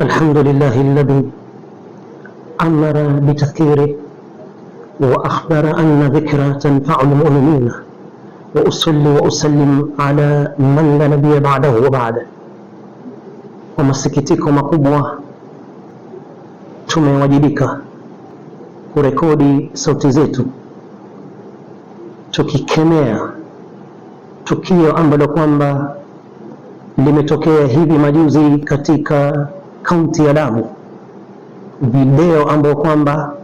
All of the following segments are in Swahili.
الحمد لله amara bitadhkiri بتذكيره akhbara anna dhikra تنفع المؤمنين wa usalli على من لا نبي la وبعده ba'dahu wa ثم Kwa masikitiko makubwa tumewajibika kurekodi sauti zetu tukikemea tukio ambalo kwamba limetokea hivi majuzi katika kaunti ya Lamu, video ambayo kwamba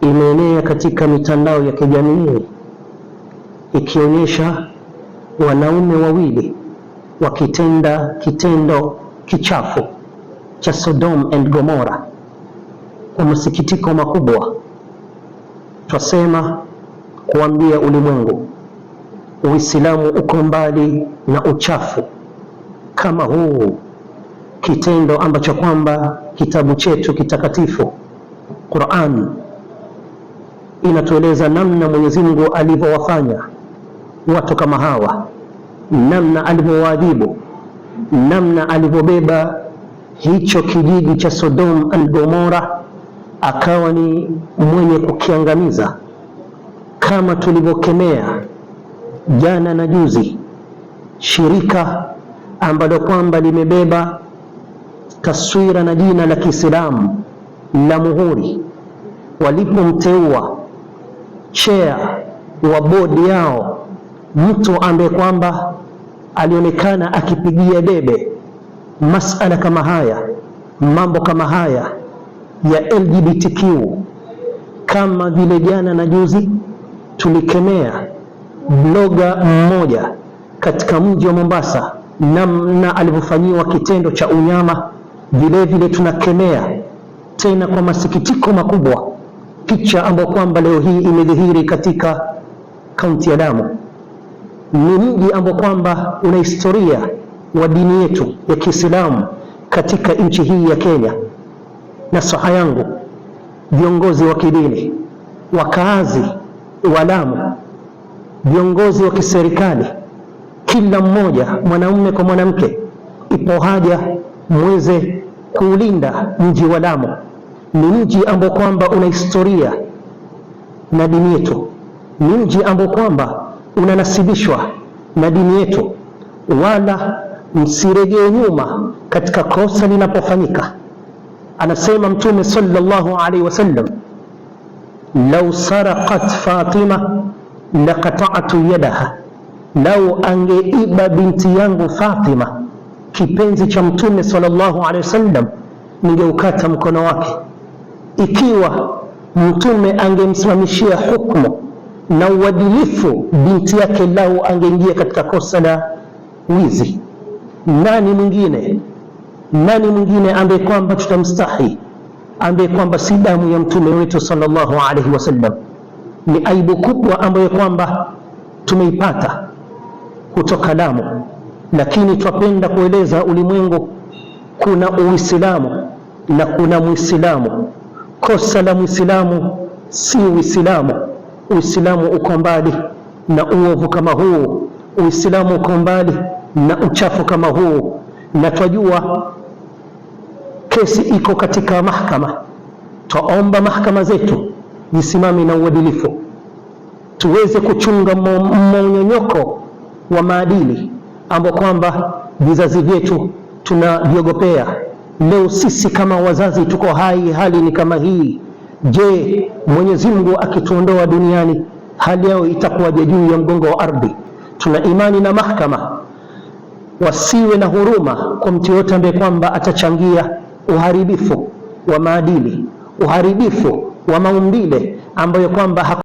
imeenea katika mitandao ya kijamii ikionyesha wanaume wawili wakitenda kitendo kichafu cha Sodom and Gomora. Kwa masikitiko makubwa, twasema kuambia ulimwengu, Uislamu uko mbali na uchafu kama huu kitendo ambacho kwamba kitabu chetu kitakatifu Qur'an inatueleza namna Mwenyezi Mungu alivyowafanya watu kama hawa, namna alivyowaadhibu, namna alivyobeba hicho kijiji cha Sodom and Gomora akawa ni mwenye kukiangamiza, kama tulivyokemea jana na juzi, shirika ambalo kwamba limebeba taswira na jina la Kiislamu la Muhuri walipomteua chair wa bodi yao mtu ambaye kwamba alionekana akipigia debe masala kama haya, mambo kama haya ya LGBTQ. Kama vile jana na juzi tulikemea bloga mmoja katika mji wa Mombasa namna alivyofanyiwa kitendo cha unyama Vilevile tunakemea tena kwa masikitiko makubwa picha ambayo kwamba leo hii imedhihiri katika kaunti ya Lamu. Ni mji ambao kwamba una historia wa dini yetu ya Kiislamu katika nchi hii ya Kenya. Nasaha yangu viongozi wa kidini, wakaazi wa Lamu, viongozi wa kiserikali, kila mmoja, mwanaume kwa mwanamke, ipo haja muweze kuulinda mji wa Lamu. Ni mji ambao kwamba una historia na dini yetu, ni mji ambao kwamba unanasibishwa na dini yetu, wala msiregee nyuma katika kosa linapofanyika. Anasema Mtume sallallahu alaihi wasallam, lau saraqat Fatima laqata'tu yadaha, lau angeiba binti yangu Fatima kipenzi cha Mtume sallallahu alaihi wasallam, ningeukata mkono wake ikiwa Mtume angemsimamishia hukmu na uadilifu binti yake, lau angeingia katika kosa la wizi. Nani mwingine? Nani mwingine ambaye kwamba tutamstahi, ambaye kwamba si damu ya mtume wetu sallallahu alaihi wasallam? Ni aibu kubwa ambayo kwamba tumeipata kutoka damu lakini twapenda kueleza ulimwengu kuna Uislamu na kuna Mwislamu. Kosa la Mwislamu si Uislamu. Uislamu uko mbali na uovu kama huu, Uislamu uko mbali na uchafu kama huu. Na twajua kesi iko katika mahakama, twaomba mahakama zetu zisimame na uadilifu, tuweze kuchunga monyonyoko wa maadili ambapo kwamba vizazi vyetu tunaviogopea. Leo sisi kama wazazi tuko hai, hali ni kama hii. Je, Mwenyezi Mungu akituondoa duniani hali yao itakuwaje juu ya mgongo wa ardhi? Tuna imani na mahakama, wasiwe na huruma kwa mtu yoyote ambaye kwamba atachangia uharibifu wa maadili, uharibifu wa maumbile ambayo kwamba